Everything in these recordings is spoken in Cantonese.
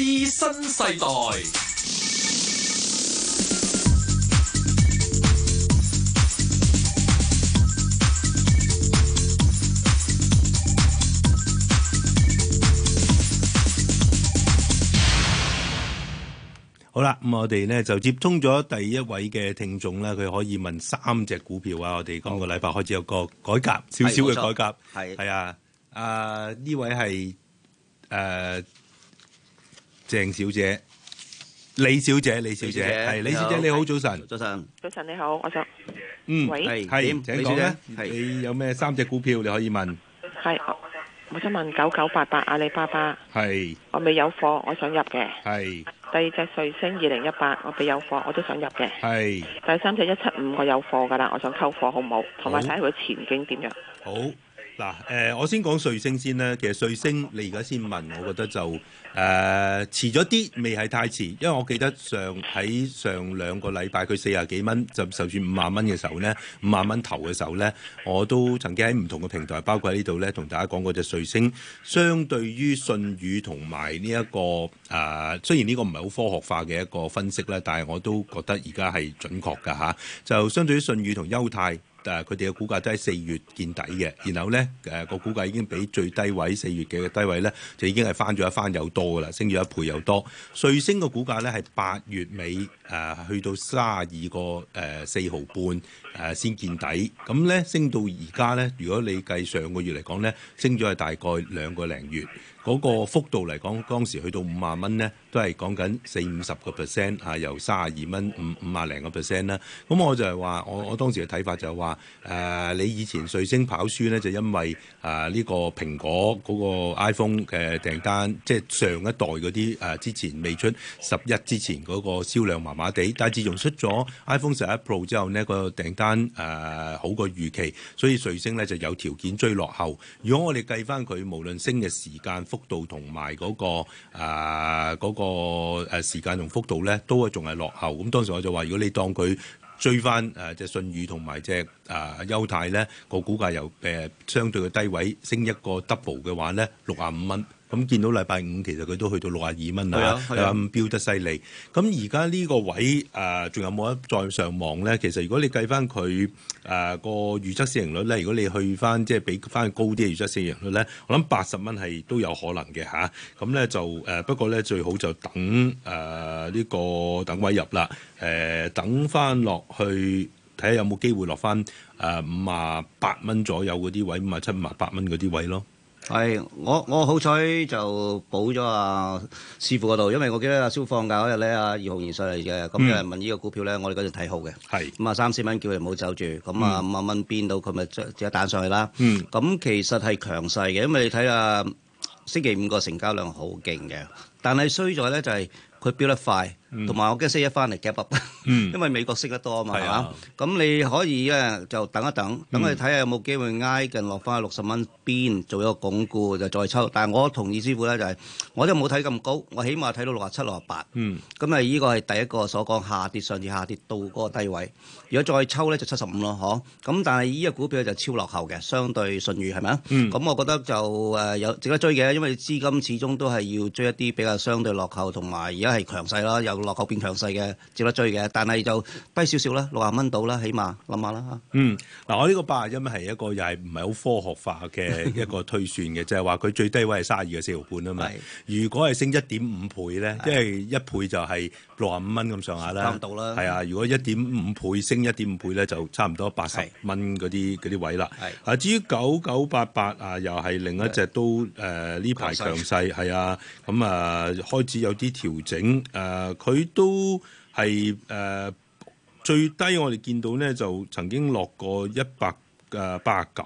新世代好啦，咁我哋呢就接通咗第一位嘅聽眾呢，佢可以問三隻股票啊！我哋今個禮拜開始有個改革，少少嘅改革係係啊，啊呢位係誒。鄭小姐、李小姐、李小姐，係李小姐，你好，早晨，早晨，早晨你好，我想，小姐，嗯，喂，係李小姐，係你有咩三隻股票你可以問？係我想問九九八八阿里巴巴，係我未有貨，我想入嘅，係第二隻瑞星二零一八，我未有貨，我都想入嘅，係第三隻一七五，我有貨噶啦，我想溝貨，好唔好？同埋睇下佢前景點樣？好。嗱，誒、呃，我先講瑞星先啦。其實瑞星，你而家先問，我覺得就誒遲咗啲，未係太遲，因為我記得上喺上兩個禮拜，佢四十幾蚊就就算五萬蚊嘅時候呢，五萬蚊頭嘅時候呢，我都曾經喺唔同嘅平台，包括喺呢度呢，同大家講過隻瑞星，相對於信宇同埋呢一個誒、呃，雖然呢個唔係好科學化嘅一個分析呢，但係我都覺得而家係準確㗎吓。就相對於信宇同優泰。誒，佢哋嘅股價都喺四月見底嘅，然後咧誒、啊、個股價已經比最低位四月嘅低位咧，就已經係翻咗一翻又多噶啦，升咗一倍又多。瑞星嘅股價咧係八月尾誒、啊、去到卅二個誒四毫半誒、啊、先見底，咁咧升到而家咧，如果你計上個月嚟講咧，升咗係大概兩個零月，嗰個幅度嚟講，當時去到五萬蚊咧，都係講緊四五十個 percent 嚇，由卅二蚊五五啊零個 percent 啦。咁我就係話，我我當時嘅睇法就係話，誒、啊、你以前瑞星跑輸咧，就因為誒呢、啊這個蘋果嗰、那個 iPhone 嘅訂單，即、就、係、是、上一代嗰啲誒之前未出十一之前嗰個銷量麻麻地，但係自從出咗 iPhone 十一 Pro 之後呢，那個訂單誒、啊、好過預期，所以瑞星咧就有條件追落後。如果我哋計返佢無論升嘅時間，幅度同埋嗰個啊嗰、嗰個誒時間同幅度咧都係仲係落後。咁。當時我就話，如果你當佢追翻誒隻信譽同埋隻誒優貸咧個股價由誒、呃、相對嘅低位升一個 double 嘅話咧，六啊五蚊。咁見到禮拜五其實佢都去到六十二蚊啦，咁飆得犀利。咁而家呢個位誒仲、呃、有冇得再上望咧？其實如果你計翻佢誒個預測市盈率咧，如果你去翻即係比翻高啲嘅預測市盈率咧，我諗八十蚊係都有可能嘅嚇。咁、啊、咧就誒、呃、不過咧最好就等誒呢、呃這個等位入啦。誒、呃、等翻落去睇下有冇機會落翻誒五十八蚊左右嗰啲位，五十七、五十八蚊嗰啲位咯。係，我我好彩就補咗阿師傅嗰度，因為我記得阿、啊、蕭放假嗰日咧，二葉紅賢嚟嘅，咁有人問呢個股票咧，我哋嗰陣睇好嘅。係是，咁啊三千蚊叫佢唔好走住，咁啊五萬蚊邊到佢咪即即彈上去啦。嗯，咁、嗯嗯嗯、其實係強勢嘅，因為你睇下、啊、星期五個成交量好勁嘅，但係衰在咧就係佢飆得快。同埋、嗯、我驚息一翻嚟夾卜，因為美國息得多啊嘛，係嘛、啊？咁、啊、你可以咧、啊、就等一等，等佢睇下有冇機會挨近落翻去六十蚊邊做一個鞏固，就再抽。但係我同意師傅咧就係、是，我都冇睇咁高，我起碼睇到六十七、六十八。咁啊，呢個係第一個所講下跌、上次、下跌到嗰個低位。如果再抽咧就七十五咯，嗬、啊。咁但係依個股票就超落後嘅，相對順譽係咪啊？咁、嗯、我覺得就誒、呃、有值得追嘅，因為資金始終都係要追一啲比較相對落後同埋而家係強勢啦，又。落後變強勢嘅接得追嘅，但係就低少少啦，六啊蚊到啦，起碼諗下啦。嗯，嗱，我呢個八啊一蚊係一個又係唔係好科學化嘅一個推算嘅，就係話佢最低位係卅二嘅四毫半啊嘛。如果係升一點五倍咧，即係一倍就係六啊五蚊咁上下啦。到啦。係啊，如果一點五倍升一點五倍咧，就差唔多八十蚊嗰啲啲位啦。係。啊，至於九九八八啊，又係另一隻都誒呢排強勢係啊，咁啊開始有啲調整誒。佢都係誒、呃、最低，我哋見到咧就曾經落過一百。誒，八九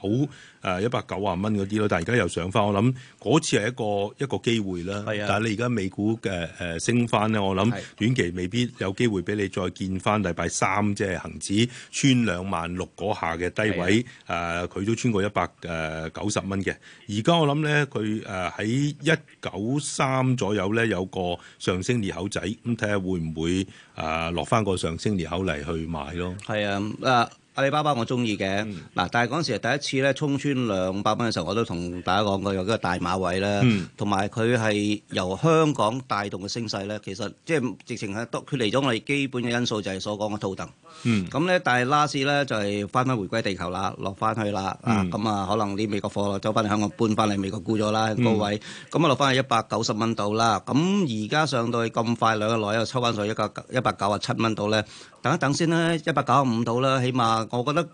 誒一百九啊蚊嗰啲咯，但係而家又上翻，我諗嗰次係一個一個機會啦。係啊，但係你而家美股嘅誒、呃、升翻咧，我諗短期未必有機會俾你再見翻禮拜三即係恆指穿兩萬六嗰下嘅低位誒，佢、啊呃、都穿過一百誒九十蚊嘅。而家我諗咧，佢誒喺一九三左右咧有個上升裂口仔，咁睇下會唔會誒、呃、落翻個上升裂口嚟去買咯？係啊，誒、呃。阿里巴巴我中意嘅，嗱、嗯，但係嗰陣時第一次咧沖穿兩百蚊嘅時候，我都同大家講過有嗰個大馬位啦，同埋佢係由香港帶動嘅升勢咧，其實即係直情係都脫離咗我哋基本嘅因素，就係所講嘅套戥。咁咧、嗯，但係 last 咧就係翻返回歸地球啦，落翻去啦，啊、嗯，咁啊，可能啲美國貨攞走翻嚟香港搬翻嚟美國沽咗啦，高、那個、位，咁啊落翻去一百九十蚊度啦，咁而家上到去咁快兩耐又抽翻上一九一百九啊七蚊度咧。等一等先啦，一百九十五度啦，起碼我覺得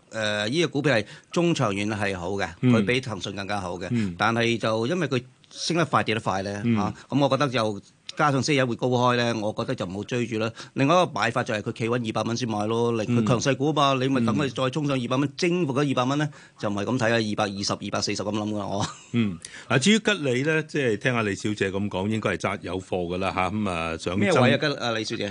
誒呢個股票係中長遠係好嘅，佢比騰訊更加好嘅。但係就因為佢升得快，跌得快咧嚇，咁我覺得就加上星期一會高開咧，我覺得就唔好追住啦。另外一個買法就係佢企穩二百蚊先買咯，你佢強勢股啊嘛，你咪等佢再衝上二百蚊，征服咗二百蚊咧，就唔係咁睇啊，二百二十二百四十咁諗噶啦，我。嗯，嗱，至於吉利咧，即係聽阿李小姐咁講，應該係揸有貨噶啦嚇，咁啊想咩位啊吉啊李小姐？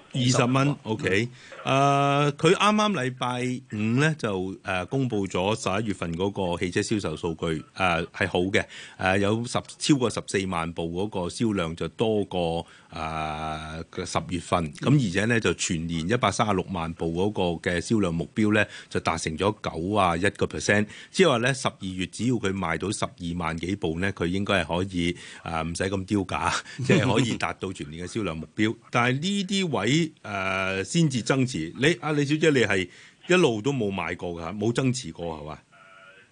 二十蚊，OK，誒、uh,，佢啱啱禮拜五咧就誒、呃、公布咗十一月份嗰個汽車銷售數據，誒、呃、係好嘅，誒、呃、有十超過十四萬部嗰個銷量就多過誒、呃、十月份，咁而且咧就全年一百三十六萬部嗰個嘅銷量目標咧就達成咗九啊一個 percent，即係話咧十二月只要佢賣到十二萬幾部咧，佢應該係可以誒唔使咁丟架，即 係可以達到全年嘅銷量目標，但係呢啲位。誒、呃，先至增持。你阿李小姐你係一路都冇買過噶，冇增持過係嘛、呃？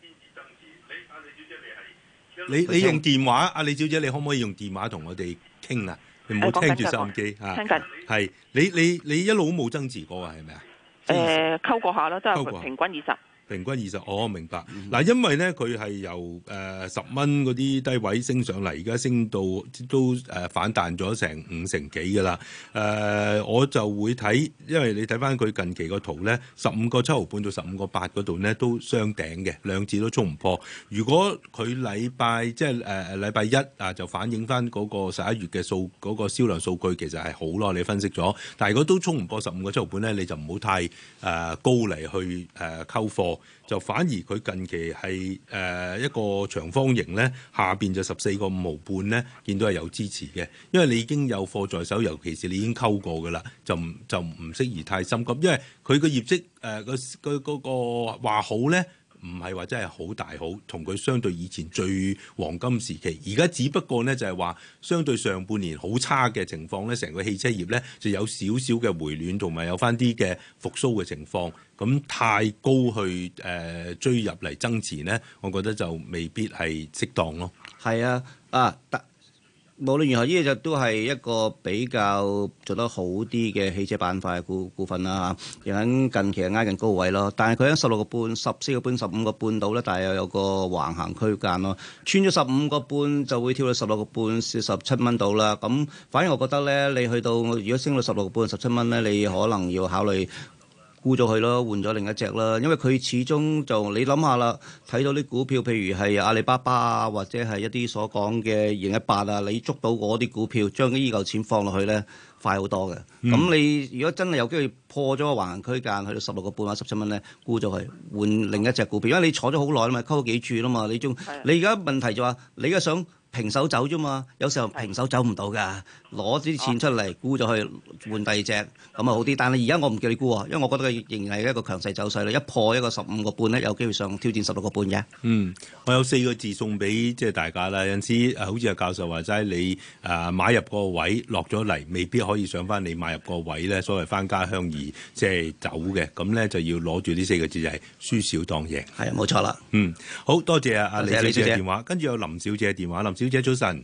先至增持。你阿李小姐你係。你你，你用電話？阿李小姐你可唔可以用電話同我哋傾啊？你唔好聽住收音機吓。係，你你你，你一路都冇增持過係咪啊？誒、溝、呃、過下啦，都係平均二十。平均二十、哦，我明白。嗱，因為咧佢係由誒十蚊嗰啲低位升上嚟，而家升到都誒反彈咗成五成幾嘅啦。誒、呃，我就會睇，因為你睇翻佢近期個圖咧，十五個七毫半到十五個八嗰度咧都雙頂嘅，兩次都衝唔破。如果佢禮拜即係誒、呃、禮拜一啊，就反映翻嗰個十一月嘅數嗰、嗰個銷量數據其實係好咯，你分析咗。但係如果都衝唔破十五個七毫半咧，你就唔好太誒、呃、高嚟去誒溝、呃、貨。就反而佢近期係誒、呃、一個長方形咧，下邊就十四個五毫半咧，見到係有支持嘅，因為你已經有貨在手，尤其是你已經溝過噶啦，就唔就唔適宜太深咁，因為佢個業績誒個佢嗰個話好咧。唔係話真係好大好，同佢相對以前最黃金時期，而家只不過呢，就係話相對上半年好差嘅情況，呢成個汽車業呢，就有少少嘅回暖同埋有返啲嘅復甦嘅情況，咁太高去誒追入嚟增持呢，我覺得就未必係適當咯。係啊，啊無論如何，呢隻都係一個比較做得好啲嘅汽車板塊股股份啦嚇，又喺近期係挨近高位咯。但係佢喺十六個半、十四個半、十五個半度咧，但係又有個橫行區間咯。穿咗十五個半就會跳到十六個半、至十七蚊度啦。咁反而我覺得咧，你去到如果升到十六個半、十七蚊咧，你可能要考慮。沽咗佢咯，換咗另一隻啦。因為佢始終就你諗下啦，睇到啲股票，譬如係阿里巴巴啊，或者係一啲所講嘅二零一八啊，你捉到嗰啲股票，將啲依嚿錢放落去咧，快好多嘅。咁、嗯、你如果真係有機會破咗個橫行區間，去到十六個半或十七蚊咧，沽咗佢，換另一隻股票。因為你坐咗好耐啦嘛，溝、就、咗、是、幾注啦嘛，你仲的你而家問題就話、是，你而家想平手走啫嘛，有時候平手走唔到㗎。攞啲錢出嚟沽咗去換第二隻咁啊好啲，但係而家我唔叫你沽啊，因為我覺得佢仍然係一個強勢走勢咧，一破一個十五個半咧，有機會上挑戰十六個半嘅。嗯，我有四個字送俾即係大家啦，有陣時啊，好似阿教授話齋，你啊買入個位落咗嚟，未必可以上翻你買入個位咧，所謂翻家鄉而即係走嘅，咁咧就要攞住呢四個字就係、是、輸少當贏。係啊，冇錯啦。嗯，好多謝啊，阿李小姐嘅電話，跟住有林小姐嘅電話，林小姐早晨。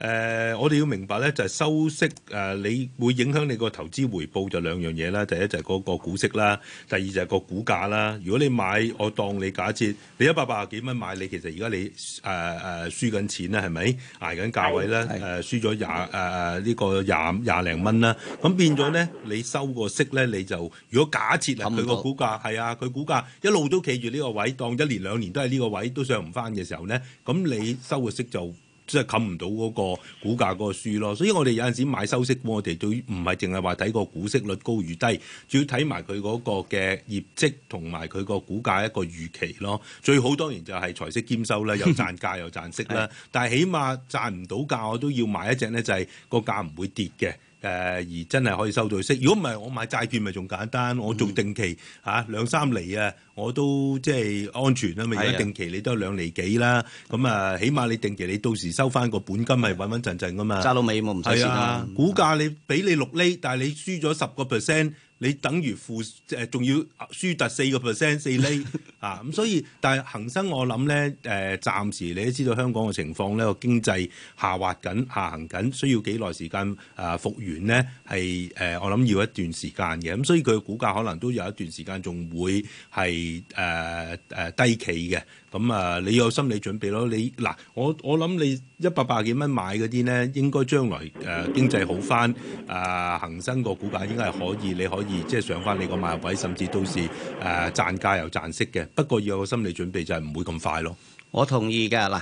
誒、呃，我哋要明白咧，就係、是、收息誒、呃，你會影響你個投資回報就兩樣嘢啦。第一就係嗰個股息啦，第二就係個股價啦。如果你買，我當你假設你一百八十幾蚊買你，你其實而家你誒誒、呃、輸緊錢是是啦，係咪捱緊價位啦，誒，輸咗廿誒誒呢個廿廿零蚊啦。咁變咗咧，你收個息咧，你就如果假設啊，佢個不股價係啊，佢股價一路都企住呢個位，當一年兩年都係呢個位都上唔翻嘅時候咧，咁你收個息就。 即係冚唔到嗰個股價嗰個輸咯，所以我哋有陣時買收息，我哋都唔係淨係話睇個股息率高與低，主要睇埋佢嗰個嘅業績同埋佢個股價一個預期咯。最好當然就係財息兼收啦，又賺價又賺息啦。 但係起碼賺唔到價，我都要買一隻咧，就係、是、個價唔會跌嘅。誒而真係可以收到息，如果唔係我買債券咪仲簡單，我仲定期嚇、嗯啊、兩三厘啊，我都即係安全啦。咪而家定期你都有兩厘幾啦，咁啊是的、嗯、起碼你定期你到時收翻個本金咪穩穩陣陣噶嘛，揸到尾冇唔使錢。係的啊，股價你俾你六厘，但係你輸咗十個 percent。你等於負誒，仲要輸突四個 percent 四厘 啊！咁所以，但係恆生我諗咧誒，暫時你都知道香港嘅情況咧，個經濟下滑緊、下行緊，需要幾耐時間啊、呃、復原咧？係誒、呃，我諗要一段時間嘅，咁所以佢嘅股價可能都有一段時間仲會係誒誒低企嘅。咁啊，你有心理準備咯？你嗱，我我諗你一百八幾蚊買嗰啲呢，應該將來誒、呃、經濟好翻，誒、呃、恒生個股價應該係可以，你可以即係上翻你個買入位，甚至到時誒賺價又賺息嘅。不過要有心理準備，就係唔會咁快咯。我同意嘅嗱，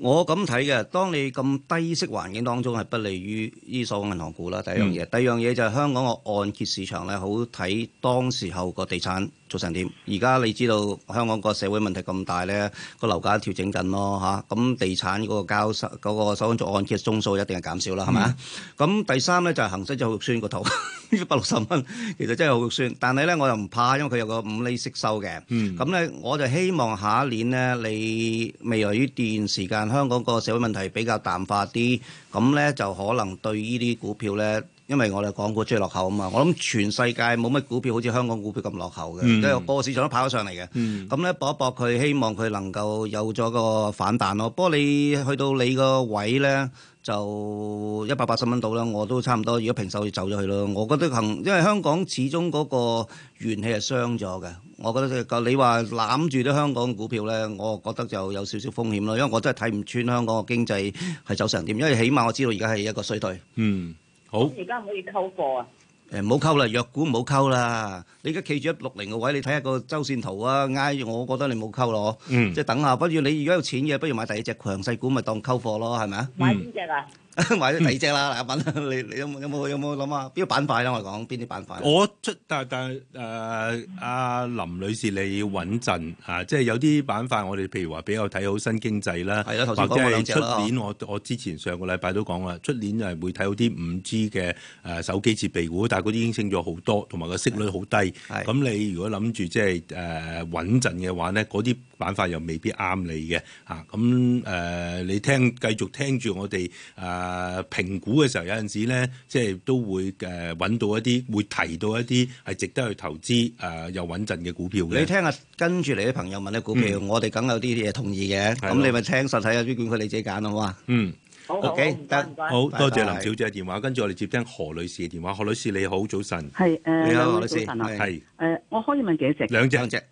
我咁睇嘅，當你咁低息環境當中係不利於呢所銀行股啦。第一樣嘢，嗯、第二樣嘢就係香港個按揭市場咧，好睇當時候個地產。做成點？而家你知道香港個社會問題咁大咧，個樓價調整緊咯嚇。咁地產嗰個交收嗰、嗰個、作案，其實宗數一定係減少啦，係咪啊？咁第三咧就係恒生就係好肉酸個圖，一百六十蚊，其實真係好肉酸。但係咧，我又唔怕，因為佢有個五厘息收嘅。咁咧、嗯，我就希望下一年咧，你未來呢段時間香港個社會問題比較淡化啲，咁咧就可能對呢啲股票咧。因為我哋港股最落後啊嘛，我諗全世界冇乜股票好似香港股票咁落後嘅，因為、嗯、個市場都跑咗上嚟嘅。咁咧搏一搏佢，希望佢能夠有咗個反彈咯。不過你去到你個位咧，就一百八十蚊到啦，我都差唔多，如果平手就走咗去咯。我覺得行，因為香港始終嗰個元氣係傷咗嘅。我覺得你話攬住啲香港股票咧，我覺得就有少少風險咯，因為我真係睇唔穿香港嘅經濟係走成點，因為起碼我知道而家係一個衰退。嗯。好，而家唔可以溝貨啊？唔好溝啦，弱股唔好溝啦。你而家企住一六零個位，你睇下個周線圖啊，挨住我，我覺得你冇溝咯，嗯，即係等下。不如你而家有錢嘅，不如買第二隻強勢股，咪當溝貨咯，係咪啊？買邊隻啊？或者 第二隻啦，阿品、嗯，你 你有冇有冇有冇諗下邊個板塊咧？我講邊啲板塊我出，但係但係誒，阿、呃、林女士，你要穩陣啊！即係有啲板塊，我哋譬如話比較睇好新經濟啦，或者係出年，年我我之前上個禮拜都講啦，出年就係會睇好啲五 G 嘅誒手機設備股，但係嗰啲已經升咗好多，同埋個息率好低。咁你如果諗住即係誒、呃、穩陣嘅話咧，嗰啲。板塊又未必啱你嘅，啊咁誒，你聽繼續聽住我哋誒評估嘅時候，有陣時咧，即係都會誒揾到一啲會提到一啲係值得去投資誒又穩陣嘅股票嘅。你聽下跟住嚟啲朋友問你股票，我哋梗有啲嘢同意嘅，咁你咪聽實體邊管佢你自己揀咯，好嘛？嗯，OK，得，好多謝林小姐嘅電話，跟住我哋接聽何女士嘅電話。何女士你好，早晨，係，你好何女士，係，誒，我可以問幾隻？兩隻。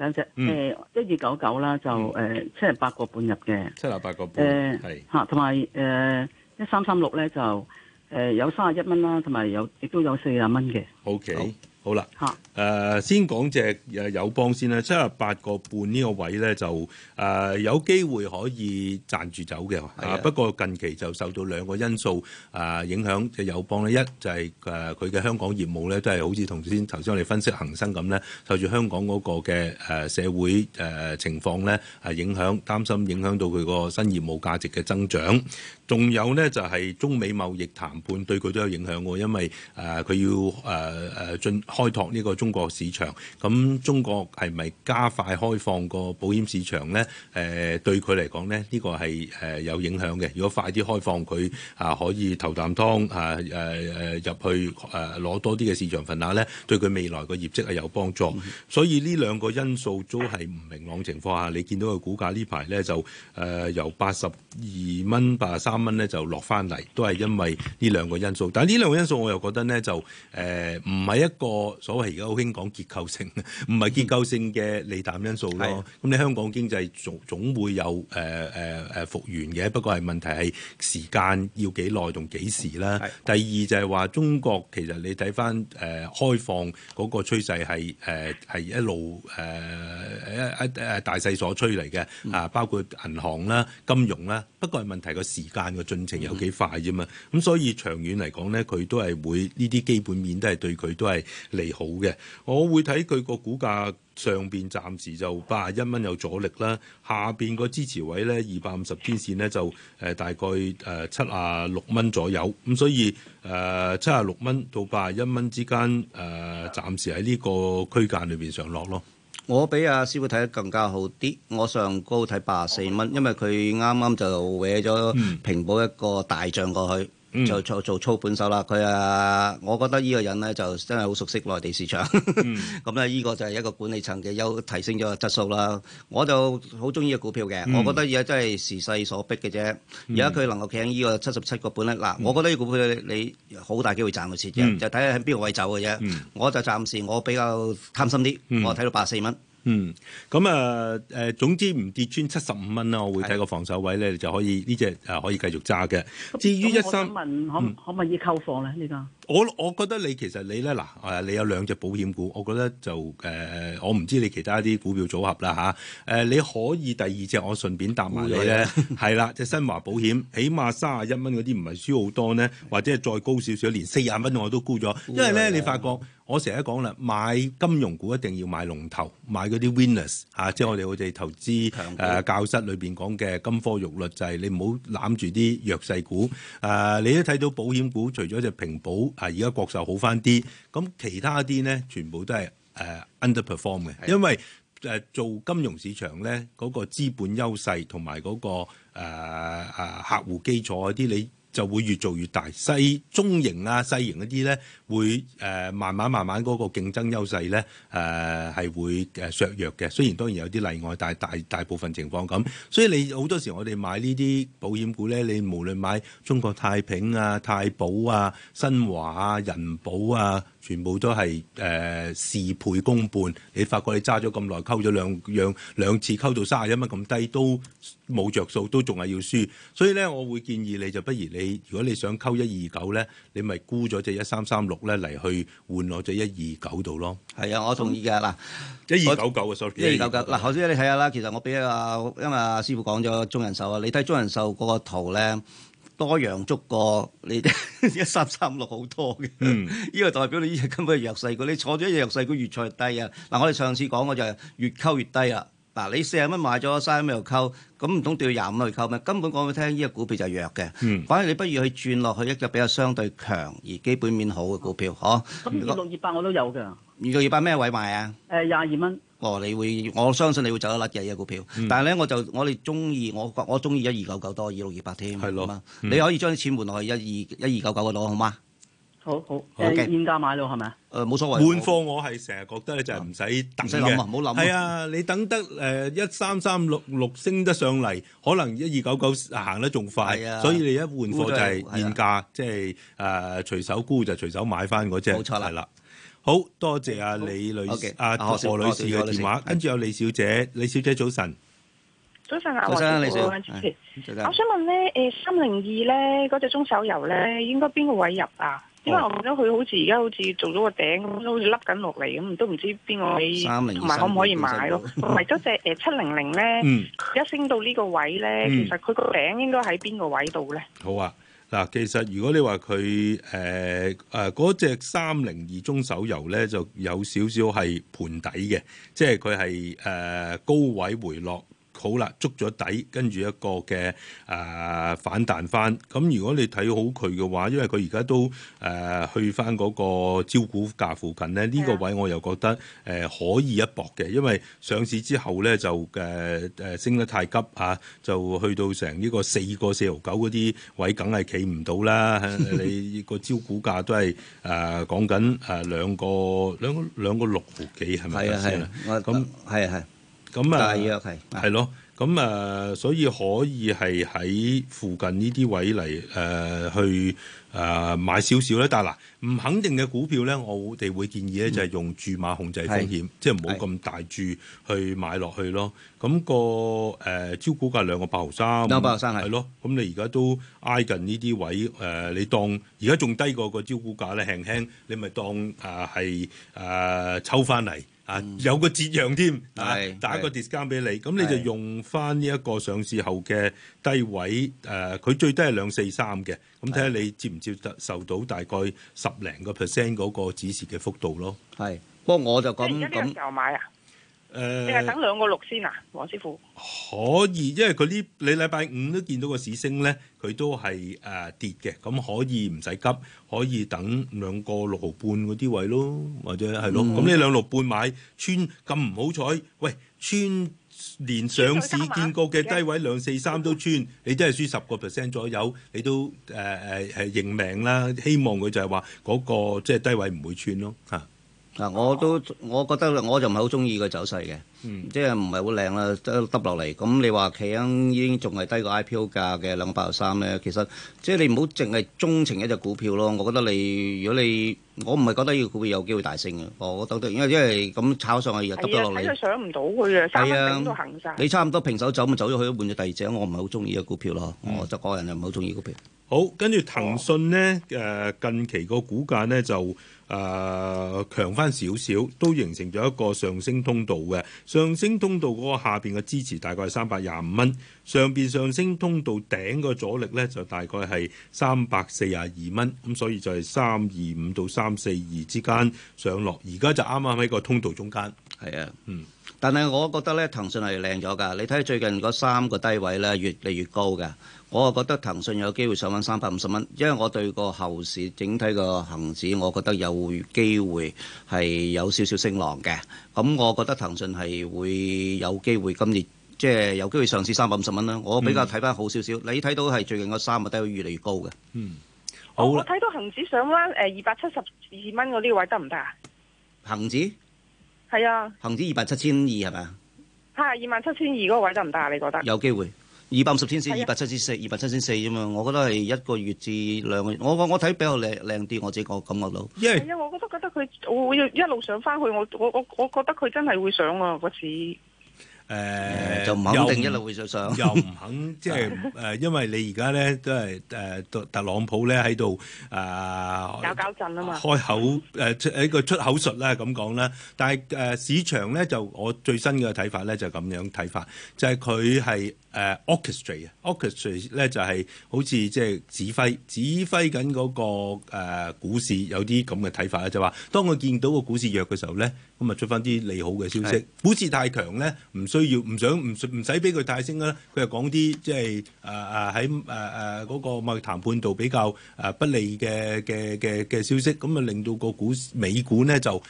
有一隻一二九九啦，嗯、99，就誒、嗯、七十八個半入嘅七十八個半誒，係嚇、呃，同埋誒一三三六咧就誒、呃、有三十一蚊啦，同埋有亦都有四十蚊嘅。OK。好啦，誒、呃、先講隻誒友邦先啦，七十八個半呢個位咧就誒、呃、有機會可以攢住走嘅的、啊，不過近期就受到兩個因素誒、呃、影響，即係友邦咧，一就係誒佢嘅香港業務咧都係好似同先頭先我哋分析恒生咁咧，受住香港嗰個嘅誒、呃、社會誒、呃、情況咧係影響，擔心影響到佢個新業務價值嘅增長。仲有呢，就係、是、中美貿易談判對佢都有影響，因為誒佢、呃、要誒誒進開拓呢個中國市場，咁中國係咪加快開放個保險市場咧？誒、呃、對佢嚟講咧，呢、這個係誒、呃、有影響嘅。如果快啲開放佢啊、呃，可以投啖湯啊誒誒入去誒攞、呃、多啲嘅市場份額咧，對佢未來嘅業績係有幫助。所以呢兩個因素都係唔明朗情況下，你見到個股價呢排咧就誒、呃、由八十二蚊八十三。蚊咧就落翻嚟，都係因為呢兩個因素。但係呢兩個因素，我又覺得咧就誒唔係一個所謂而家好興講結構性，唔係結構性嘅利淡因素咯。咁、嗯、你香港經濟總總會有誒誒誒復原嘅，不過係問題係時間要幾耐同幾時啦。是第二就係話中國其實你睇翻誒開放嗰個趨勢係誒係一路誒誒誒誒大勢所趨嚟嘅啊，包括銀行啦、金融啦，不過係問題個時間。個進程有幾快啫嘛，咁所以長遠嚟講咧，佢都係會呢啲基本面都係對佢都係利好嘅。我會睇佢個股價上邊暫時就八十一蚊有阻力啦，下邊個支持位咧，二百五十天線咧就誒大概誒七啊六蚊左右咁，所以誒七啊六蚊到八十一蚊之間誒，暫時喺呢個區間裏邊上落咯。我比阿師傅睇得更加好啲，我上高睇八十四蚊，因為佢啱啱就搣咗平保一個大漲過去。嗯、就做做操盤手啦，佢啊，我覺得呢個人咧就真係好熟悉內地市場，咁咧呢個就係一個管理層嘅又提升咗質素啦。我就好中意個股票嘅，我覺得而家真係時勢所逼嘅啫。而家佢能夠企喺呢個七十七個本咧，嗱，我覺得呢股票你好大機會賺到錢嘅，嗯、就睇下喺邊個位走嘅啫。嗯、我就暫時我比較貪心啲，我睇到八十四蚊。嗯嗯嗯，咁、嗯、啊，誒總之唔跌穿七十五蚊啦，的我會睇個防守位咧，就可以呢隻啊可以繼續揸嘅。至於一三，我問嗯、可可唔可以購貨咧呢個？我我覺得你其實你咧嗱，誒你有兩隻保險股，我覺得就誒、呃、我唔知你其他啲股票組合啦嚇，誒、啊、你可以第二隻我順便答埋你咧，係啦，即係 新華保險起碼三十一蚊嗰啲唔係輸好多呢，或者係再高少少，連四十蚊我都沽咗，因為咧你發覺我成日講啦，買金融股一定要買龍頭，買嗰啲 winners 嚇、啊，即係我哋好似投資誒教室裏邊講嘅金科玉律就係、是、你唔好攬住啲弱勢股，誒、啊、你都睇到保險股除咗隻平保。係而家國壽好翻啲，咁其他啲咧全部都係誒 underperform 嘅，uh, under 是的 因為誒、呃、做金融市場咧嗰、嗰個資本優勢同埋嗰個誒、呃啊、客戶基礎嗰啲你。就會越做越大，細中型啊、細型嗰啲咧，會誒、呃、慢慢慢慢嗰個競爭優勢咧，誒、呃、係會誒削弱嘅。雖然當然有啲例外，但係大大、大部分情況咁，所以你好多時我哋買險呢啲保險股咧，你無論買中國太平啊、太保啊、新華啊、人保啊。全部都係誒事倍功半，你發覺你揸咗咁耐，溝咗兩兩兩次溝到三十一蚊咁低，都冇著數，都仲係要輸。所以咧，我會建議你就不如你如果你想溝一二九咧，你咪沽咗隻一三三六咧嚟去換落隻一二九度咯。係啊，我同意㗎嗱，一二九九 sorry，一二九九嗱，侯師姐你睇下啦。其實我俾阿因為阿師傅講咗中人壽啊，你睇中人壽個圖咧。多樣足過你一三三六好多嘅，呢個代表你呢隻根本弱勢股。你坐咗一隻弱勢股越坐越低啊！嗱，我哋上次講嘅就係越溝越低啊！嗱，你四十蚊買咗，三十蚊又溝，咁唔通掉廿五去溝咩？根本講畀你聽，呢、這、隻、個、股票就弱嘅。嗯、反而你不如去轉落去一個比較相對強而基本面好嘅股票，嗬、嗯啊。咁二六二八我都有嘅。二六二八咩位買啊？誒，廿二蚊。哦，你會我相信你會走得甩嘅一股票，但係咧我就我哋中意我我中意一二九九多，二六二八添啊嘛，你可以將啲錢換落去一二一二九九嘅度，好嗎？好好，現價買咯，係咪啊？誒，冇所謂。換貨我係成日覺得咧，就係唔使等，唔好諗。係啊，你等得誒一三三六六升得上嚟，可能一二九九行得仲快，所以你一換貨就係現價，即係誒隨手沽，就隨手買翻嗰隻，冇錯啦，係啦。好多謝阿李女士、阿何 Okay,、啊、女士嘅電話，跟住、啊、有李小姐，李小姐早晨，早晨啊，何生你好。我想問咧，誒，三零二咧，嗰隻中手遊咧，應該邊個位入啊？哦、因為我見到佢好似而家好似做咗個頂咁，好似凹緊落嚟咁，都唔知邊個同埋可唔可以買咯？同埋嗰隻誒七零零咧，而家 升到呢個位咧，嗯、其實佢個頂應該喺邊個位度咧？好啊。嗱，其實如果你話佢誒誒嗰隻三零二中手遊咧，就有少少係盤底嘅，即係佢係誒高位回落。好啦，捉咗底，跟住一個嘅誒反彈翻。咁如果你睇好佢嘅話，因為佢而家都誒去翻嗰個招股價附近咧，呢是的 個位我又覺得誒可以一搏嘅，因為上市之後咧就誒誒升得太急嚇，就， 就去到成呢個四個四毫九嗰啲位，梗係企唔到啦。你個招股價都係誒、呃、講緊誒兩個兩個兩個六毫幾，係咪先？咁係係。咁啊，係咯，咁啊，所以可以係喺附近呢啲位嚟誒去誒買少少咧。但係嗱，唔肯定嘅股票咧，我哋會建議咧就係用注碼控制風險，即係唔好咁大注去買落去咯。咁個誒招股價兩個八毫三，兩個八毫三係。係咯，咁你而家都挨近呢啲位誒，你當而家仲低過個招股價咧，輕輕你咪當啊係啊抽翻嚟。嗯、有個折讓添，是打個 discount 俾你，咁是你就用翻呢一個上市後嘅低位，誒、呃，佢最低係兩四三嘅，咁睇下你接唔接得受到大概十零個 percent 嗰、嗰個指示嘅幅度咯。係，不過我就講咁。呃、你係等兩個六先啊，黃師傅？可以，因為佢呢，你禮拜五都見到個市升咧，佢都係誒、呃、跌嘅。咁可以唔使急，可以等兩個六毫半嗰啲位咯，或者係、嗯、咯，咁你兩六半買穿咁唔好彩，喂穿連上市見過嘅低位兩四三都穿，你都係輸十個 percent 左右，你都誒誒誒認命啦。希望佢就係話嗰個即係、就是、低位唔會穿咯，嚇。嗱，我都我覺得我就唔係好中意個走勢嘅，嗯、即係唔係好靚啦，得耷落嚟。咁你話企喺已經仲係低過 IPO 價嘅兩百三咧，其實即係你唔好淨係鍾情一隻股票咯。我覺得你如果你我唔係覺得呢個股票有機會大升嘅，我覺得因為因為咁炒上去又耷落嚟，睇佢上唔到去啊，三蚊零都行曬、啊。你差唔多平手走咪走咗去換咗第二隻，我唔係好中意嘅股票咯，我就個人又唔係好中意股票。嗯。好，跟住騰訊呢，誒近期個股價呢就誒、呃、強翻少少，都形成咗一個上升通道嘅上升通道。嗰個下邊嘅支持大概係三百廿五蚊，上邊上升通道頂嘅阻力呢就大概係三百四廿二蚊，咁所以就係三二五到三四二之間上落，而家就啱啱喺個通道中間。係啊，嗯。但係我覺得咧，騰訊係靚咗㗎。你睇最近嗰三個低位咧，越嚟越高嘅。我啊覺得騰訊有機會上翻三百五十蚊，因為我對個後市整體個恒指，我覺得有機會係有少少升浪嘅。咁我覺得騰訊係會有機會今年即係有機會上市三百五十蚊啦。我比較睇翻好少少。嗯、你睇到係最近嗰三個低位越嚟越高嘅。嗯，好啦。我睇到恒指上翻誒二百七十二蚊嗰啲位得唔得啊？恒指？係啊，恒指二萬七千二係咪？係二萬七千二嗰個位得唔得啊？你覺得？有機會，二百五十天線，二百七千四，二百七千四啫嘛？我覺得係一個月至兩個月，我我我睇比較靚靚啲，我自己我感覺到。係啊，我覺得覺得佢我要一路上翻去，我我我我覺得佢真係會上啊嗰次。誒、呃。嗯又唔 肯定一路會上又唔肯即係誒，因為你而家咧都係誒特特朗普咧喺度誒搞搞震啊嘛，呃、 開口誒出喺、呃、個出口術咧咁講啦，但係誒、呃、市場咧就我最新嘅睇法咧就咁、是、樣睇法，就係佢係。誒 orchestrate 啊，orchestrate 咧就係好似即係指揮，指揮緊嗰個誒股市有啲咁嘅睇法咧，就話當佢見到個股市弱嘅時候咧，咁啊出翻啲利好嘅消息；股市太強咧，唔需要、唔想、唔唔使俾佢太升啦。佢又講啲即係誒誒喺誒誒嗰個貿易談判度比較誒不利嘅嘅嘅嘅消息，咁啊令到個股美股咧就誒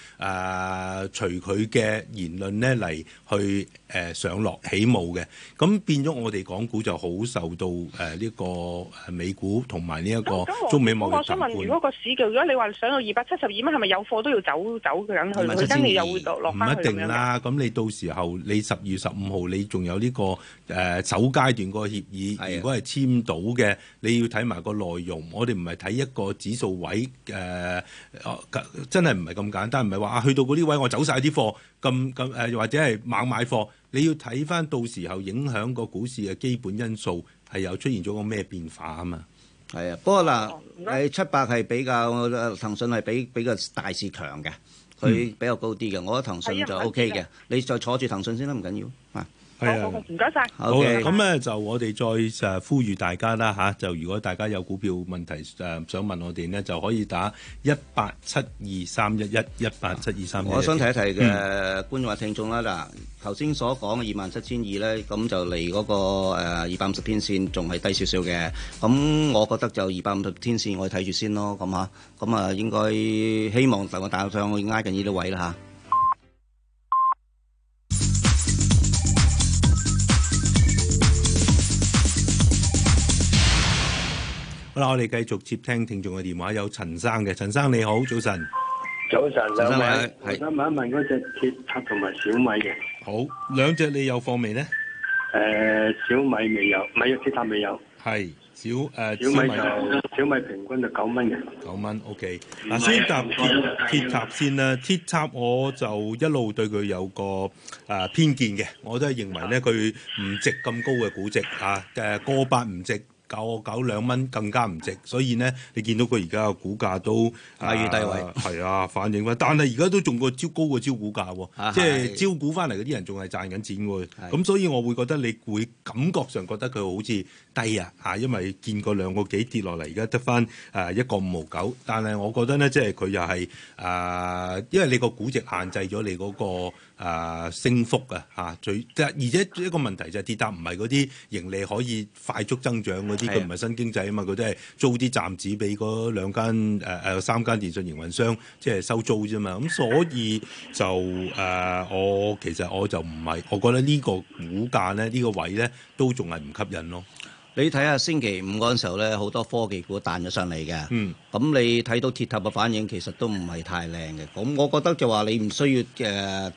隨佢嘅言論咧嚟去誒上落起舞嘅，咁變咗。我哋港股就好受到誒呢個美股同埋呢一個中美貿易爭端。我想問，如果個市嘅，如果你話上到二百七十二蚊，係咪有貨都要走走緊去？又落唔一定啦。咁你到時候，你十月十五號，你仲有呢個誒首階段個協議，的如果係簽到嘅，你要睇埋個內容。我哋唔係睇一個指數位誒、呃，真係唔係咁簡單，唔係話去到嗰啲位，我走晒啲貨。咁咁誒，或者係猛買貨，你要睇返到時候影響個股市嘅基本因素係有出現咗個咩變化啊嘛？係啊，不過嗱，誒七百係比較騰訊係比比較大市強嘅，佢比較高啲嘅。嗯、我覺得騰訊就 OK 嘅，哎哎、你就坐住騰訊先啦，唔緊要啊。Yeah. Okay. 好唔該晒。好啦，咁咧就我哋再誒呼籲大家啦嚇、啊，就如果大家有股票問題誒、啊、想問我哋咧，就可以打一八七二三一一一八七二三。我想提一提嘅、嗯、觀眾或聽眾啦，嗱頭先所講嘅二萬七千二咧，咁就離嗰個二百五十天線仲係低少少嘅，咁我覺得就二百五十天線我哋睇住先咯，咁嚇，咁啊應該希望就我大上去挨近呢啲位啦嚇。啊好啦，我哋繼續接聽聽眾嘅電話，有陳生嘅，陳生你好，早晨，早晨，陳生你好，我想問一問嗰隻鐵塔同埋小米嘅，好，兩隻你有貨未咧？誒，小米未有，唔係啊，鐵塔未有，係小誒小米有，小米平均就九蚊嘅，九蚊，OK。嗱，先答鐵鐵塔先啦，鐵塔我就一路對佢有個誒偏見嘅，我都係認為咧佢唔值咁高嘅估值吓，誒過百唔值。九九兩蚊更加唔值，所以咧你見到佢而家嘅股價都低於、啊、低位，係啊，啊反映翻，但係而家都仲過招高個招股價，即係、啊啊、招股翻嚟，啲人仲係賺緊錢嘅，咁、啊、所以我會覺得你會感覺上覺得佢好似低啊，吓、啊，因為見過兩個幾跌落嚟，而家得翻誒一個五毫九，但係我覺得咧，即係佢又係誒，因為你，股你、個估值限制咗你嗰個誒升幅啊吓最，即係而且一個問題就係跌得唔係嗰啲盈利可以快速增長嘅。佢唔係新經濟啊嘛，佢都係租啲站址俾嗰兩間誒三間電訊營運商，即係收租啫嘛。咁，嗯，所以就誒，呃，我其實我就唔係，我覺得呢個股價咧，呢個位咧都仲係唔吸引咯。你睇下星期五嗰陣時候咧，好多科技股彈咗上嚟嘅。嗯。咁你睇到鐵塔嘅反應，其實都唔係太靚嘅。咁我覺得就話你唔需要誒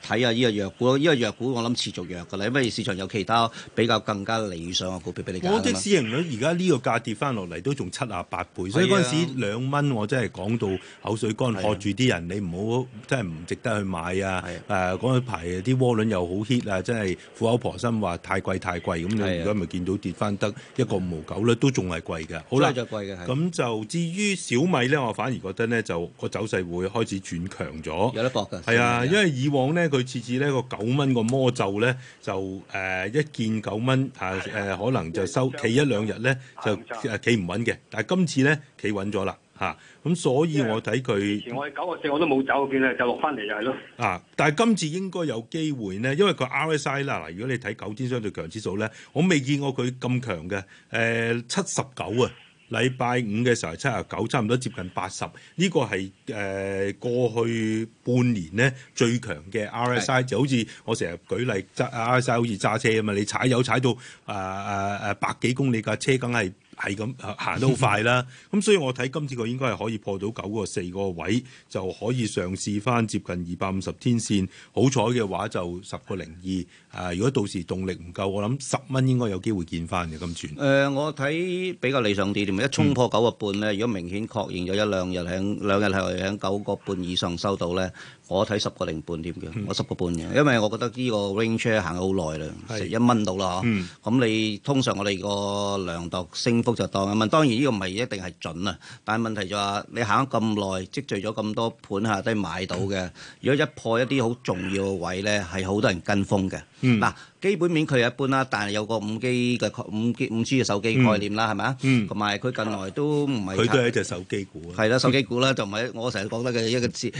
睇下呢個弱股，呢、這個弱股我諗持續弱㗎啦。因為市場有其他比較更加理想嘅股票俾你揀啊嘛。我啲市盈率而家呢個價跌翻落嚟都仲七啊八倍，啊、所以嗰陣時兩蚊我真係講到口水乾，啊、喝住啲人你唔好真係唔值得去買啊！誒嗰排啲窩輪又好 h i t 啊，真係苦口婆心話太貴太貴，咁你如果咪見到跌翻得一個毛毫九咧，都仲係貴㗎。好啦，仲係貴嘅。咁就至於少。小米咧，我反而覺得咧，就個走勢會開始轉強咗。有得搏嘅。係啊，因為以往咧，佢次次呢個九蚊個魔咒咧，就誒、呃、一見九蚊啊誒、呃，可能就收企的一兩日咧就企唔穩嘅。但係今次咧企穩咗啦嚇。咁、啊、所以我睇佢。前我係九個四，我都冇走，變係就落翻嚟就係咯。啊！但係今次應該有機會咧，因為個 RSI 啦、呃，嗱，如果你睇九天相對強指數咧，我未見過佢咁強嘅誒七十九啊。禮拜五嘅時候七十九，差唔多接近八十，呢個係誒過去半年咧最強嘅 RSI，的就好似我成日舉例 RSI 好似揸車咁啊，你踩油踩到啊啊啊百幾公里，架車梗係～係咁行得好快啦，咁所以我睇今次佢應該係可以破到九個四個位，就可以嘗試翻接近二百五十天線。好彩嘅話就十個零二，啊！如果到時動力唔夠，我諗十蚊應該有機會見翻嘅今次。誒、呃，我睇比較理想啲，咪一衝破九個半咧。如果明顯確認咗一兩日喺兩日係喺九個半以上收到咧。我睇十個零半點嘅，我十個半嘅，因為我覺得呢個 range 行咗好耐啦，成是一蚊到啦嚇。咁、嗯、你通常我哋個量度升幅就當一蚊。當然呢個唔係一定係準啊，但係問題就話你行咗咁耐，積聚咗咁多盤下低買到嘅。如果一破一啲好重要嘅位咧，係好多人跟風嘅。嗱，嗯、基本面佢又一般啦，但係有個五 G 嘅五五 G 嘅手機概念啦，係咪啊？同埋佢近來都唔係，佢都係一隻手機股。係啦、嗯，手機股啦，同埋我成日講得嘅一個智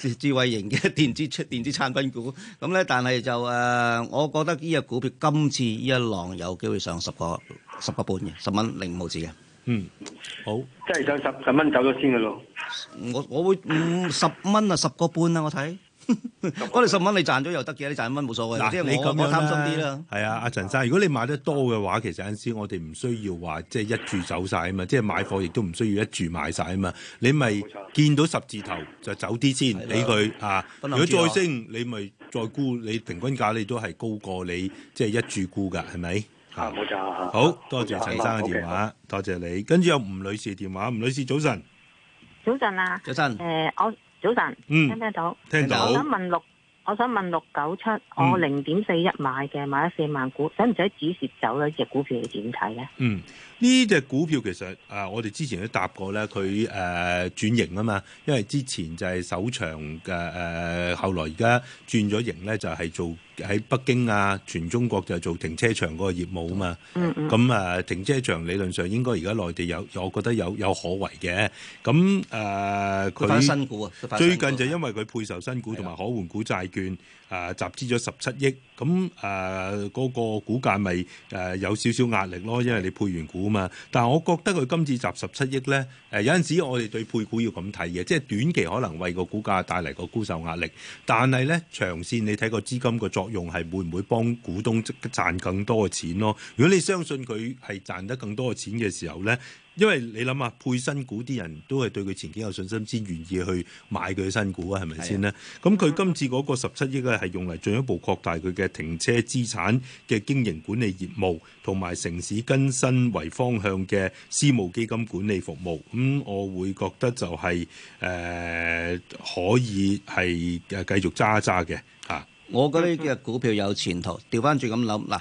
智智慧型嘅電子出電子產品股。咁咧，但係就誒，我覺得呢隻股票今次呢一浪有機會上十個十個半嘅十蚊零五毫子嘅。嗯，好，即係上十十蚊走咗先嘅咯。我我會五、嗯、十蚊啊，十個半啊，我睇。我哋十蚊你賺咗又得嘅，你賺一蚊冇所謂。嗱，你咁貪心啲啦，係啊，阿陳生，如果你買得多嘅話，其實有陣時我哋唔需要話即係一注走晒啊嘛，即係買貨亦都唔需要一注買晒啊嘛。你咪見到十字頭就走啲先，理佢啊。如果再升，你咪再估，你平均價你都係高過你即係一注估噶，係咪？啊，冇錯。好多謝陳生嘅電話，多謝你。跟住有吳女士電話，吳女士早晨，早晨啊，早晨，誒，我。早晨，聽唔聽到，嗯？聽到。我想問六，我想問六九七，我零點四一買嘅，買咗四萬股，使唔使止蝕走咧？呢隻股票你點睇咧？嗯。呢隻股票其實啊，我哋之前都答過咧，佢誒、呃、轉型啊嘛，因為之前就係首場嘅誒、呃，後來而家轉咗型咧，就係做喺北京啊，全中國就做停車場嗰個業務啊嘛。咁啊、嗯嗯呃，停車場理論上應該而家內地有，我覺得有有可為嘅。咁、嗯、誒，佢翻新股啊，最近就因為佢配售新股同埋可換股債券。誒集資咗十七億，咁誒嗰個股價咪誒有少少壓力咯，因為你配完股嘛。但係我覺得佢今次集十七億咧，誒有陣時我哋對配股要咁睇嘅，即係短期可能為個股價帶嚟個沽售壓力，但係咧長線你睇個資金個作用係會唔會幫股東賺更多嘅錢咯？如果你相信佢係賺得更多嘅錢嘅時候咧。因為你諗下，配新股啲人都係對佢前景有信心，先願意去買佢嘅新股啊，係咪先呢？咁佢的今次嗰個十七億咧，係用嚟進一步擴大佢嘅停車資產嘅經營管理業務，同埋城市更新為方向嘅私募基金管理服務。咁我會覺得就係、是、誒、呃、可以係誒繼續揸揸嘅嚇。啊、我覺得呢隻股票有前途。調翻轉咁諗嗱，誒、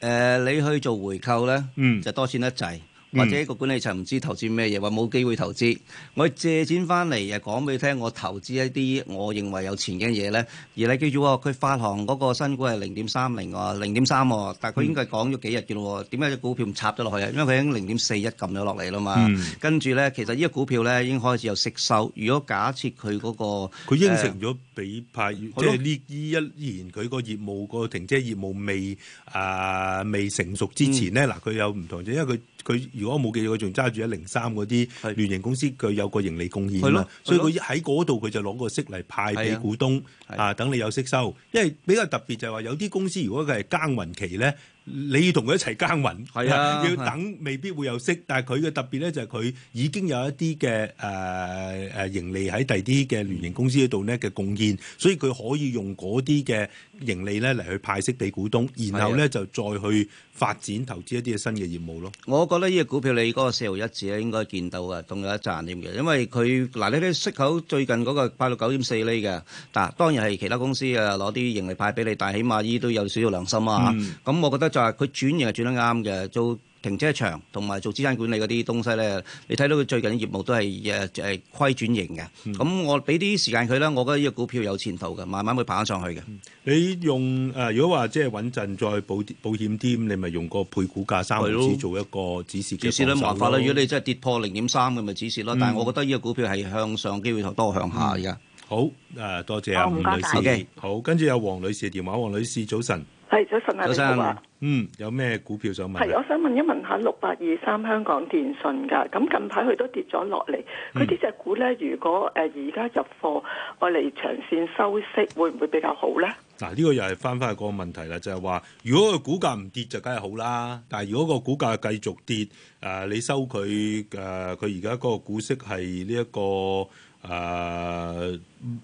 呃、你去做回購呢，嗯，就多錢得滯。嗯。或者個管理層唔知投資咩嘢，話冇機會投資，我借錢翻嚟又講俾你聽，我投資一啲我認為有前景嘅嘢咧。而你記住喎，佢發行嗰個新股係零點三零喎，零點三喎，但係佢應該係講咗幾日嘅咯喎？點解隻股票唔插咗落去啊？因為佢已經零點四一撳咗落嚟啦嘛。跟住咧，其實呢個股票咧已經開始有息收。如果假設佢嗰個佢應承咗俾派，即係呢呢依一年佢個業務個停車業務未啊未成熟之前咧，嗱佢有唔同嘅，因為佢佢如。如果冇記錯，佢仲揸住一零三嗰啲聯營公司，佢的有個盈利貢獻啦，所以佢喺嗰度佢就攞個息嚟派俾股東啊，等你有息收。因為比較特別就係話，有啲公司如果佢係耕耘期咧。你要同佢一齊耕耘，係啊，要等未必會有息，啊、但係佢嘅特別咧就係佢已經有一啲嘅誒誒盈利喺第二啲嘅聯營公司嗰度咧嘅貢獻，所以佢可以用嗰啲嘅盈利咧嚟去派息俾股東，然後咧、啊、就再去發展投資一啲嘅新嘅業務咯。我覺得呢個股票你嗰個四毫一字咧應該見到啊，仲有一賺啲嘅，因為佢嗱、啊、你啲息口最近嗰個派到九點四厘嘅，嗱、啊、當然係其他公司啊攞啲盈利派俾你，但係起碼呢都有少少良心啊，咁、嗯嗯嗯、我覺得。佢轉型係轉得啱嘅，做停車場同埋做資產管理嗰啲東西咧，你睇到佢最近嘅業務都係誒誒虧轉型嘅。咁、嗯、我俾啲時間佢啦，我覺得呢個股票有前途嘅，慢慢會爬上去嘅。你用誒、呃，如果話即係穩陣再保保險添，你咪用個配股價三毫紙做一個止蝕機。止蝕啦，麻煩啦。如果你真係跌破零點三咁，咪止蝕咯。嗯、但係我覺得呢個股票係向上機會多，向下嘅。嗯、好誒，多謝阿吳但女士。好，跟住有黃女士嘅電話，黃女，女，女士早晨。係，早晨啊，早晨，嗯，有咩股票想問？係，我想問一問下六八二三香港電訊噶，咁近排佢都跌咗落嚟，佢呢隻股咧，如果誒而家入貨，我嚟長線收息，會唔會比較好咧？嗱，呢個又係翻翻去嗰個問題啦，就係話，如果個股價唔跌就梗係好啦，但係如果個股價繼續跌，誒，你收佢誒，佢而家嗰個股息係呢一個誒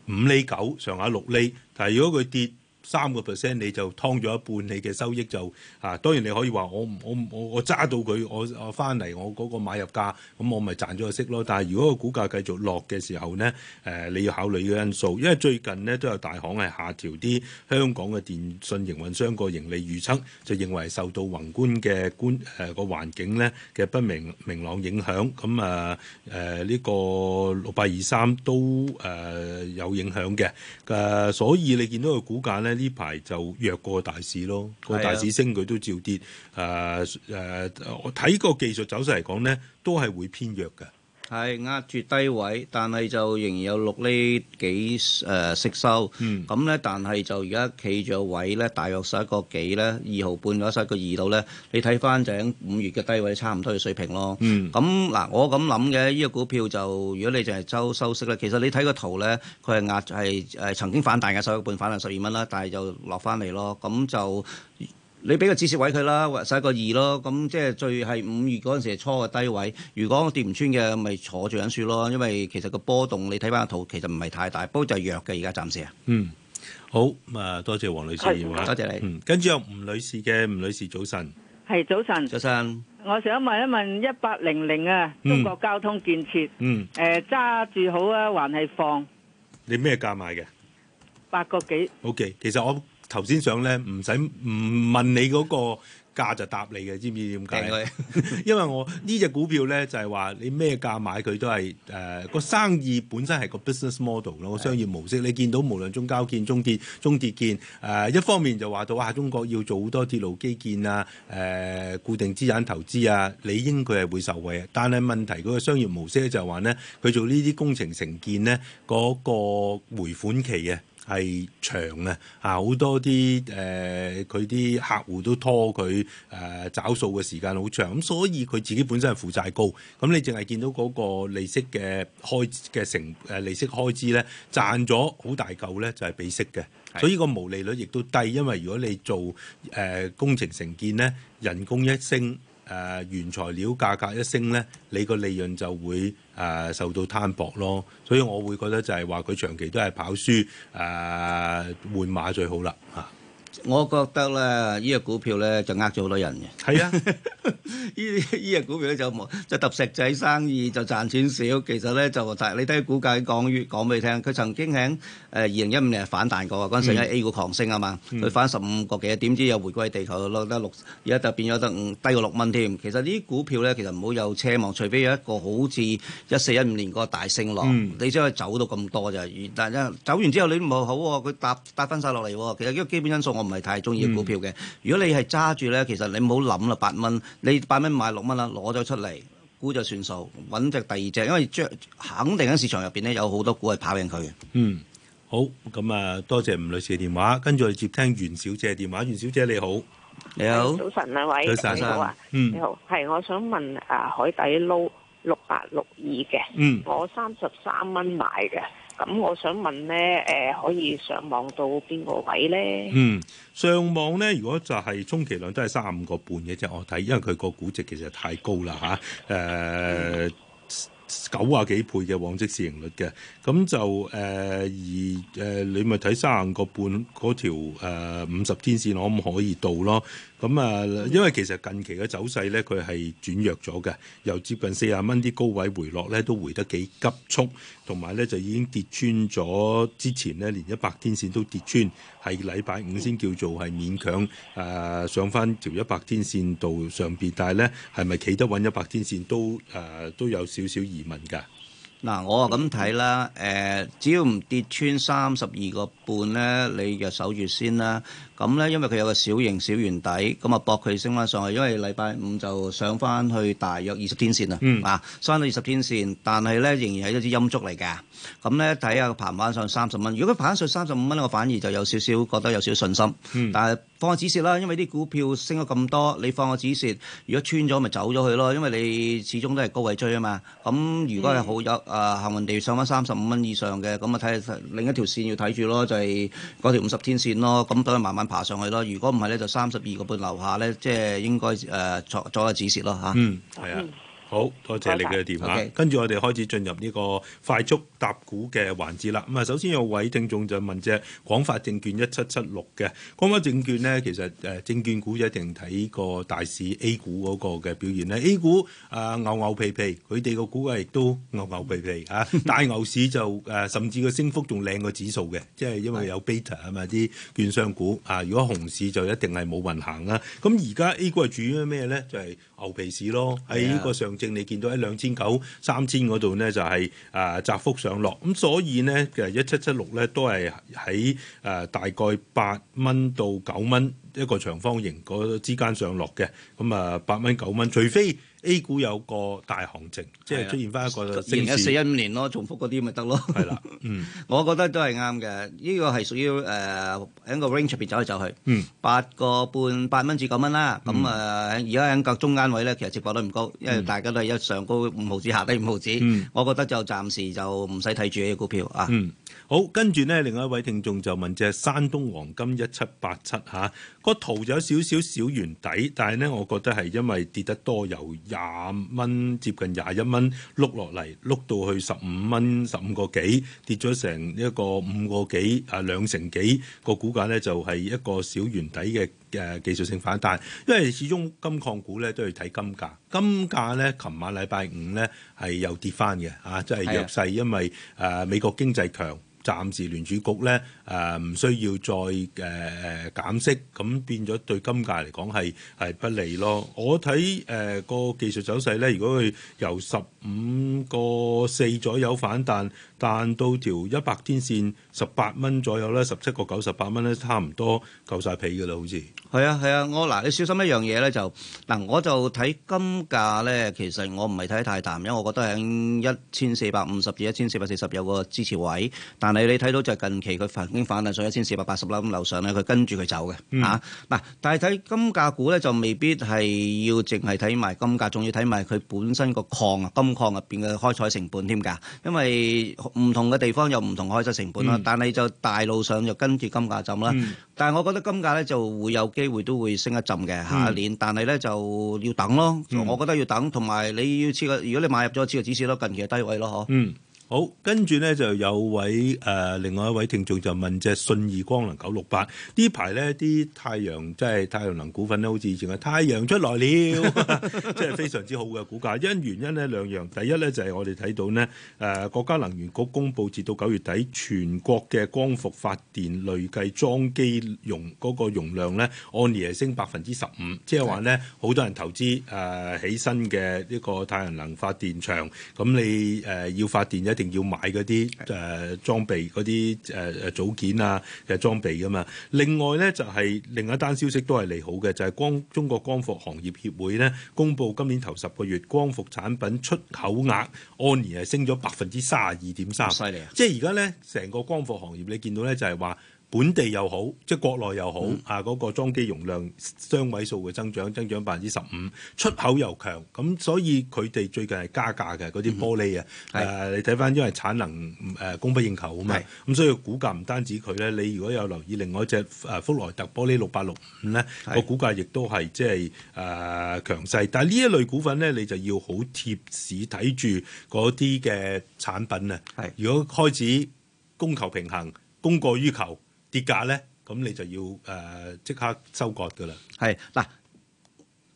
五厘九上下六厘，但係如果佢跌，三個 percent 你就劏咗一半，你嘅收益就啊，當然你可以話我我我我揸到佢，我我翻嚟我嗰個買入價，咁我咪賺咗個息咯。但係如果個股價繼續落嘅時候咧，誒、啊、你要考慮嘅因素，因為最近咧都有大行係下調啲香港嘅電信營運商個盈利預測，就認為受到宏觀嘅觀誒個環境咧嘅不明明朗影響，咁啊誒呢、啊這個六八二三都誒、啊、有影響嘅。誒、啊、所以你見到個股價咧。呢排就弱過大市咯，個、啊、大市升佢都照跌。誒、呃、誒、呃，我睇個技術走勢嚟講咧，都係會偏弱嘅。係壓住低位，但係就仍然有六厘幾誒息收。咁咧、嗯，但係就而家企住個位咧，大約十一個幾咧，二毫半咗十一個二度咧。你睇翻就喺五月嘅低位差唔多嘅水平咯。咁嗱、嗯，我咁諗嘅，呢、這個股票就如果你淨係周收息咧，其實你睇個圖咧，佢係壓係誒曾經反彈嘅，十一個半反彈十二蚊啦，但係就落翻嚟咯。咁就。你俾個止蝕位佢啦，或洗個二咯。咁即係最係五月嗰陣時初嘅低位。如果跌唔穿嘅，咪坐住忍住咯。因為其實個波動你睇返個圖，其實唔係太大，不過就弱嘅而家暫時啊。嗯，好咁啊，多謝黃女士，多謝你。跟住有吳女士嘅，吳女士早晨，係早晨。早晨，我想問一問一八零零啊，中國交通建設，嗯，誒揸住好啊，還係放？你咩價買嘅？八個幾？OK，其實我。頭先想咧，唔使唔問你嗰個價就答你嘅，知唔知點解？ 因為我呢隻、這個、股票咧，就係話你咩價買佢都係誒個生意本身係個 business model 咯的，個商業模式。你見到無論中交建、中鐵、中鐵建誒、呃，一方面就話到啊，中國要做好多鐵路基建啊，誒、呃、固定資產投資啊，理應佢係會受惠。但係問題嗰、那個商業模式咧，就係話咧，佢做呢啲工程承建咧，嗰個回款期嘅。係長啊！好多啲誒，佢、呃、啲客戶都拖佢誒、呃、找數嘅時間好長，咁所以佢自己本身係負債高，咁你淨係見到嗰個利息嘅開嘅成誒利息開支咧賺咗好大嚿咧就係俾息嘅，的所以個毛利率亦都低，因為如果你做誒、呃、工程承建咧，人工一升。誒、呃、原材料價格一升咧，你個利潤就會誒、呃、受到攤薄咯，所以我會覺得就係話佢長期都係跑輸，誒、呃、換馬最好啦嚇。我覺得咧，呢、這隻股票咧就呃咗好多人嘅。係啊，呢呢 隻股票咧就冇，就揼石仔生意就賺錢少。其實咧就，你睇估計講講俾你聽，佢曾經喺誒二零一五年反彈過，嗰陣時咧 A 股狂升啊嘛，佢、嗯、翻十五個幾點，知又回歸地球落得六，而家就變咗得、嗯、低過六蚊添。其實呢啲股票咧，其實唔好有奢望，除非有一個好似一四一五年個大升浪，嗯、你先可以走到咁多啫。但係走完之後你唔冇好佢搭跌翻曬落嚟喎。其實呢個基本因素。我唔係太中意股票嘅。如果你係揸住咧，其實你唔好諗啦，八蚊，你八蚊買六蚊啦，攞咗出嚟，估就算數，揾隻第二隻，因為將肯定喺市場入邊咧有好多股係跑贏佢嘅。嗯，好，咁啊，多謝吳女士嘅電話，跟住我接聽袁小姐嘅電話。袁小姐你好，你好，你好，早晨兩位，早晨，你好啊，嗯、你好，係，我想問啊，海底撈六八六二嘅，嗯，我三十三蚊買嘅。咁我想問咧，誒、呃、可以上網到邊個位咧？嗯，上網咧，如果就係、是、充其量都係三個半嘅啫。我睇，因為佢個估值其實太高啦嚇，誒九啊幾倍嘅往績市盈率嘅，咁就誒、呃、而誒、呃，你咪睇三個半嗰條五十、呃、天線可唔可以到咯？咁啊、嗯，因為其實近期嘅走勢咧，佢係轉弱咗嘅，由接近四十蚊啲高位回落咧，都回得幾急速，同埋咧就已經跌穿咗之前咧連一百天線都跌穿，係禮拜五先叫做係勉強誒、呃、上翻，條一百天線度上邊，但係咧係咪企得穩一百天線都誒、呃、都有少少疑問㗎。嗱，我啊咁睇啦，誒、呃，只要唔跌穿三十二個半咧，你就守住先啦。咁咧，因為佢有個小型小圓底，咁啊搏佢升翻上去，因為禮拜五就上翻去大約二十天線啦，嗯、啊，上到二十天線，但係咧仍然係一支陰燭嚟㗎。咁咧睇下爬唔爬上三十蚊？如果佢爬得上三十五蚊，我反而就有少少覺得有少少信心。嗯、但係放個止蝕啦，因為啲股票升咗咁多，你放個止蝕，如果穿咗咪走咗去咯，因為你始終都係高位追啊嘛。咁如果係好有啊幸運地上翻三十五蚊以上嘅，咁啊睇下另一條線要睇住咯，就係、是、嗰條五十天線咯。咁等佢慢慢爬上去咯。如果唔係咧，就三十二個半樓下咧，即、就、係、是、應該誒作左個止蝕咯吓，嗯，係啊。好多謝你嘅電話，跟住我哋開始進入呢個快速答股嘅環節啦。咁啊，首先有位聽眾就問：隻廣發證券一七七六嘅廣發證券咧，其實誒證券股就一定睇個大市 A 股嗰個嘅表現咧。A 股啊，牛牛皮皮，佢哋個股啊亦都牛牛皮皮嚇。大牛市就誒，甚至個升幅仲靚個指數嘅，即係因為有 beta 啊嘛，啲券商股啊。如果熊市就一定係冇運行啦。咁而家 A 股係處於咩咧？就係牛皮市咯，喺呢 Yeah. 個上證你見到喺兩千九、三千嗰度呢，就係誒窄幅上落，咁、嗯、所以呢，其實一七七六呢，都係喺誒大概八蚊到九蚊。一個長方形嗰之間上落嘅，咁啊八蚊九蚊，除非 A 股有個大行情，的即係出現翻一個升市。二零一四一五年咯，重複嗰啲咪得咯。係啦，嗯， 我覺得都係啱嘅，呢、這個係屬於誒喺、呃、個 range 入邊走嚟走去。嗯，八個半八蚊至九蚊啦，咁啊而家喺個中間位咧，其實接獲率唔高，因為大家都係一上高五毫子，下低五毫子。嗯、我覺得就暫時就唔使睇住呢啲股票啊。嗯。好，跟住咧，另外一位聽眾就問隻山東黃金一七八七嚇個圖就有少少小圓底，但係咧，我覺得係因為跌得多，由廿蚊接近廿一蚊碌落嚟，碌到去十五蚊十五個幾，跌咗成一個五個幾啊兩成幾個股價咧，就係、是、一個小圓底嘅誒技術性反彈，因為始終金礦股咧都要睇金價。金價咧，琴晚禮拜五咧係又跌翻嘅，嚇、啊，即係弱勢，因為誒、呃、美國經濟強，暫時聯儲局咧誒唔需要再誒誒、呃、減息，咁變咗對金價嚟講係係不利咯。我睇誒個技術走勢咧，如果佢由十五個四左右反彈，彈到條一百天線十八蚊左右咧，十七個九十八蚊咧，差唔多夠晒皮㗎啦，好似。係啊係啊，我嗱你小心一樣嘢咧，就嗱我就睇金價咧，其實我唔係睇太淡，因為我覺得喺一千四百五十至一千四百四十有個支持位。但係你睇到就近期佢曾經反彈上一千四百八十樓樓上咧，佢跟住佢走嘅嚇。嗱、嗯啊，但係睇金價股咧，就未必係要淨係睇埋金價，仲要睇埋佢本身個礦啊，金礦入邊嘅開採成本添㗎。因為唔同嘅地方有唔同開採成本啦。嗯、但係就大路上就跟住金價走啦。嗯嗯但係我覺得金價呢就會有機會都會升一陣嘅下一年，嗯、但係呢就要等咯，嗯、我覺得要等，同埋你要知個，如果你買入咗之後，只先咯，近期係低位咯，嗬。嗯。好，跟住咧，就有位誒、呃、另外一位聽眾就問，隻信義光能九六八呢排咧，啲太陽即係太陽能股份咧，好似以前嘅太陽出來了，即係 非常之好嘅股價。因原因呢兩樣，第一咧就係、是、我哋睇到呢誒、呃、國家能源局公布，至到九月底全國嘅光伏發電累計裝機容嗰、那個容量咧，按年係升百分之十五，即係話咧好多人投資誒、呃、起身嘅呢個太陽能發電場，咁你誒要發電一定要買嗰啲誒裝備嗰啲誒誒組件啊嘅裝備噶嘛。另外咧就係、是、另一單消息都係利好嘅，就係、是、光中國光伏行業協會咧公布今年頭十個月光伏產品出口額按年係升咗百分之三十二點三，犀利啊！即係而家咧成個光伏行業你見到咧就係話。本地又好，即係國內又好，嗯、啊嗰、那個裝機容量雙位數嘅增長，增長百分之十五，出口又強，咁、嗯、所以佢哋最近係加價嘅嗰啲玻璃啊，誒你睇返，呃、是因為產能誒供不應求啊嘛，咁是所以股價唔單止佢咧，你如果有留意另外一隻誒福萊特玻璃六八六五咧，個股價亦都係即係誒強勢，但係呢一類股份咧，你就要好貼市睇住嗰啲嘅產品啊。係，如果開始供求平衡，供過於求。跌價咧，咁你就要誒即、呃、刻收割噶啦。係嗱，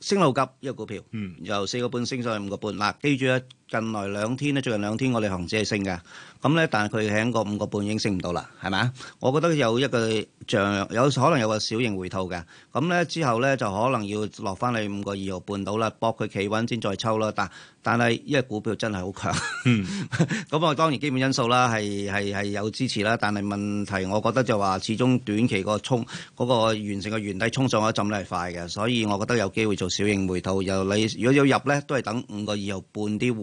升好急一個股票，嗯，由四個半升上去五個半，嗱，記住。近來兩天咧，最近兩天我哋行指係升嘅，咁咧但係佢喺個五個半已經升唔到啦，係咪？我覺得有一個像有可能有個小型回吐嘅，咁咧之後咧就可能要落翻你五個二毫半到啦，搏佢企穩先再抽啦。但但係因為股票真係好強，咁 我當然基本因素啦，係係係有支持啦，但係問題我覺得就話、是、始終短期個衝嗰個完成個原，成原底衝上嗰浸咧係快嘅，所以我覺得有機會做小型回吐。由你如果要入咧，都係等五個二毫半啲。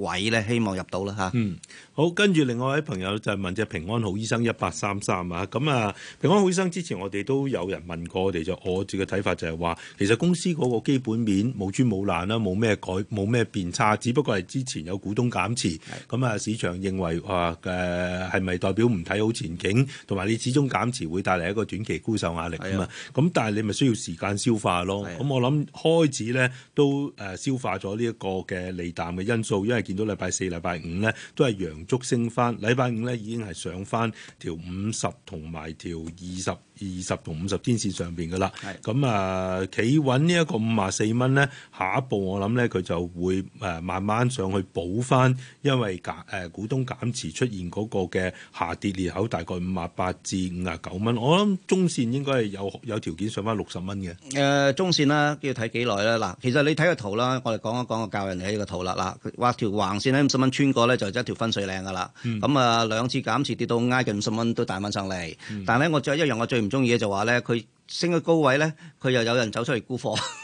希望入到啦吓，嗯，好，跟住另外一位朋友就係問隻平安好醫生一八三三啊。咁啊，平安好醫生之前我哋都有人問過我哋，就我自己嘅睇法就係話，其實公司嗰個基本面冇穿冇爛啦，冇咩改冇咩變差，只不過係之前有股東減持，咁啊是的 市場認為啊，誒、呃，係咪代表唔睇好前景，同埋你始終減持會帶嚟一個短期沽售壓力啊嘛。咁是的 但係你咪需要時間消化咯。咁是的 我諗開始咧都誒消化咗呢一個嘅利淡嘅因素，因為見到，禮拜四、禮拜五咧都係陽燭升翻，禮拜五咧已經係上翻條五十同埋條二十。二十同五十天線上邊嘅啦，咁啊企穩呢一個五十四蚊咧，下一步我諗咧佢就會誒慢慢上去補翻，因為減誒股東減持出現嗰個嘅下跌裂口，大概五十八至五十九蚊，我諗中線應該係有有條件上翻六十蚊嘅。誒、呃、中線咧、啊、要睇幾耐咧？嗱，其實你睇個圖啦，我哋講一講我教人呢個圖啦。嗱，畫條橫線喺五十蚊穿過咧，就，就一係條分水嶺噶啦。咁啊、嗯、兩次減持跌到挨近五十蚊都彈翻上嚟，但咧我最一樣我最唔中意嘢就話咧，佢。 升個高位咧，佢又有人走出嚟沽貨，咁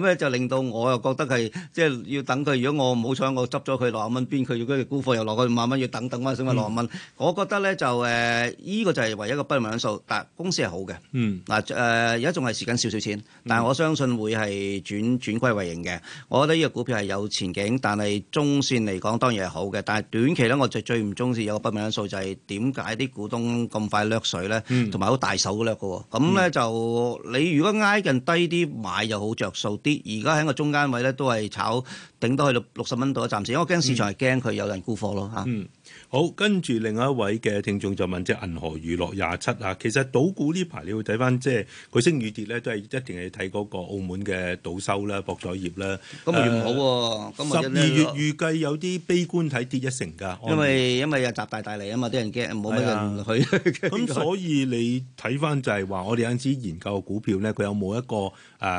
咧、嗯、就令到我又覺得係即係要等佢。如果我冇彩，我執咗佢六十蚊邊，佢要跟住沽貨又落個五萬蚊，要等等翻升、嗯呃這個六十蚊。我覺得咧就誒，依個就係唯一個不明因素，但係公司係好嘅，嗱誒，而家仲係蝕緊少少錢，但係我相信會係轉轉虧為盈嘅。我覺得呢個股票係有前景，但係中線嚟講當然係好嘅，但係短期咧我最最唔中意有個不明因素就係點解啲股東咁快掠水咧，同埋好大手掠嘅喎，咁咧就。嗯嗯。你如果挨近低啲買又好着數啲，而家喺個中間位咧都係炒，頂多去到六十蚊度，一暫時，因為我驚市場係驚佢有人沽貨咯嚇。嗯好，跟住另外一位嘅聽眾就問，即係銀河娛樂廿七啊。其實賭股呢排你要睇翻，即係佢升與跌咧，都係一定係睇嗰個澳門嘅賭收啦、博彩業啦。咁咪越唔好、啊。咁十二月預計有啲悲觀睇跌一成㗎。因為排因為又集大帶嚟啊嘛，啲人驚冇乜人去。咁、啊、 所以你睇翻就係、是、話，我哋有陣時研究股票咧，佢有冇一個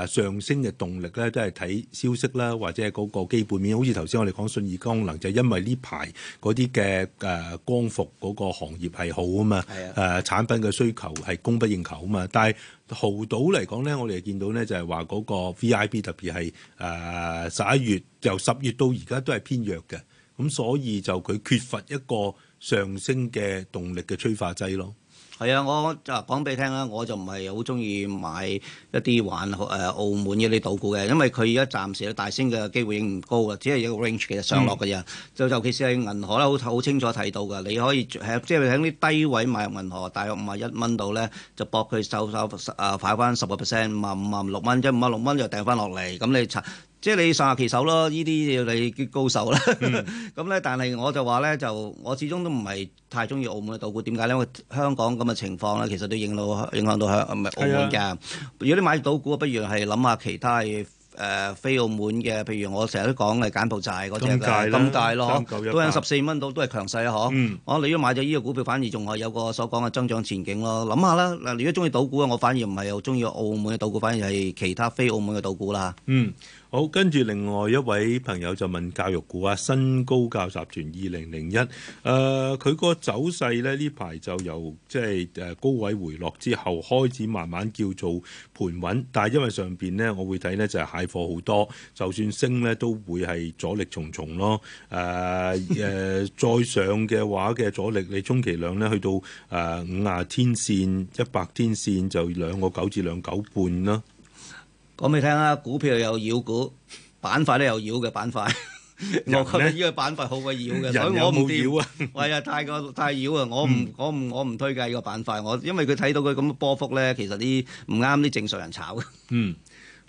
誒上升嘅動力咧，都係睇消息啦，或者係嗰個基本面。好似頭先我哋講信義光能，就係、因為呢排嗰啲嘅。誒、呃、光伏嗰個行業係好啊嘛，誒的、呃、產品嘅需求係供不應求啊嘛，但係濠賭嚟講咧，我哋就見到咧就係話嗰個 VIP 特別係誒十一月由十月到而家都係偏弱嘅，咁所以就佢缺乏一個上升嘅動力嘅催化劑咯。係啊，我就講俾你聽啦，我就唔係好中意買一啲玩誒、呃、澳門嘅啲賭股嘅，因為佢而家暫時咧大升嘅機會已經唔高啦，只係一個 range 其實上落嘅啫。嗯、就尤其是喺銀河咧，好好清楚睇到㗎，你可以係即係喺啲低位買入銀河，大約五啊一蚊度咧，就搏佢收手，啊快翻十個 percent，五啊六蚊，即係五啊六蚊就掟翻落嚟，咁你即係你上下其手咯，呢啲要你叫高手啦。咁咧，但係我就話咧，就我始終都唔係太中意澳門嘅賭股。點解咧？因為香港咁嘅情況咧，其實都影響到影響到香唔係澳門㗎。是啊、如果你買賭股，不如係諗下其他誒非澳門嘅，譬如我成日都講係柬埔寨嗰隻啦，金界咯，都有十四蚊到，都係強勢、嗯、啊！嗬。我你如果買咗呢個股票，反而仲係有個所講嘅增長前景咯。諗下啦，嗱，如果中意賭股我反而唔係又中意澳門嘅賭股，反而係其他非澳門嘅賭股啦。嗯。好，跟住另外一位朋友就問教育股啊，新高教集團二零零一，誒佢個走勢咧呢排就由即係誒高位回落之後開始慢慢叫做盤穩，但係因為上邊呢，我會睇呢，就係蟹貨好多，就算升呢，都會係阻力重重咯。誒、呃、誒、呃、 再上嘅話嘅阻力，你充其量呢，去到誒五十天線、一百天線就兩個九至兩九半啦。講俾你聽啦，股票有妖股，板塊都有妖嘅板塊。 呢我覺得呢個板塊好鬼妖嘅，有有所以我唔跌。係啊， 太過太妖啊！我唔、嗯、我唔我唔推介呢個板塊。我因為佢睇到佢咁嘅波幅咧，其實啲唔啱啲正常人炒。嗯，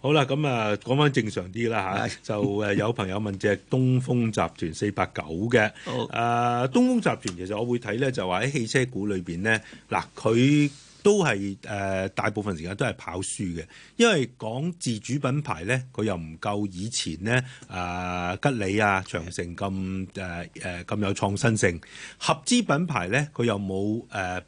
好啦，咁啊，講翻正常啲啦吓。 就誒，有朋友問隻 東風集團四百九嘅。好。誒，uh, 東風集團其實我會睇咧，就話喺汽車股裏邊咧，嗱佢。都係誒大部分時間都係跑輸嘅。因為講自主品牌咧，佢又唔夠以前咧啊，吉利啊、長城咁誒誒咁有創新性。合資品牌咧，佢又冇誒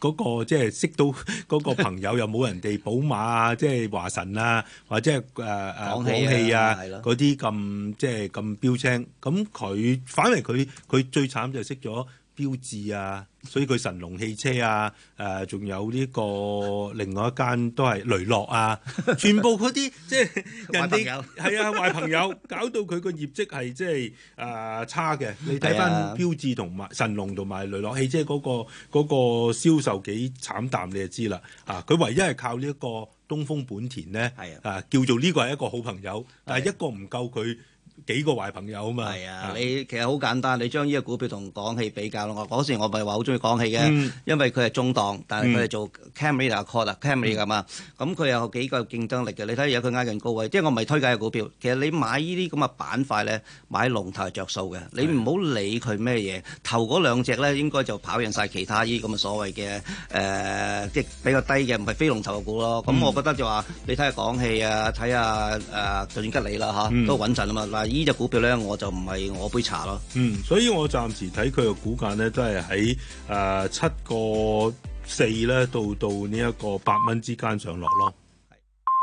嗰個即係識到嗰個朋友，又冇人哋寶馬啊，即係華晨啊，或者誒誒廣汽啊嗰啲咁即係咁標青。咁佢反為佢佢最慘就係識咗。標誌啊，所以佢神龍汽車啊，誒、呃、仲有呢個另外一間都係雷諾啊，全部嗰啲 即係人哋係壞朋 啊壞朋友，搞到佢個業績係即係誒差嘅。你睇返標誌同埋神龍同埋雷諾汽車嗰、那個嗰、那個銷售幾慘淡，你就知啦。啊，佢唯一係靠呢一個東風本田咧，啊叫做呢個係一個好朋友，但係一個唔夠佢。幾個壞朋友啊嘛，係啊，你其實好簡單，你將呢個股票同廣汽比較咯。我嗰時我咪話好中意廣汽嘅，因為佢係中檔，但係佢係做 camry 啊、cort camry 啊嘛。咁佢有幾個競爭力嘅，你睇下有佢挨近高位。即係我唔係推介嘅股票。其實你買呢啲咁嘅板塊咧，買龍頭係著數嘅。你唔好理佢咩嘢，頭嗰兩隻咧，應該就跑贏晒其他依啲咁嘅所謂嘅誒，即係比較低嘅，唔係非龍頭嘅股咯。咁我覺得就話你睇下廣汽啊，睇下誒進吉利啦嚇，都穩陣啊嘛。依隻、啊這個、股票咧，我就唔係我杯茶咯。嗯，所以我暫時睇佢嘅估價咧，都係喺誒七個四咧，到到呢一個八蚊之間上落咯。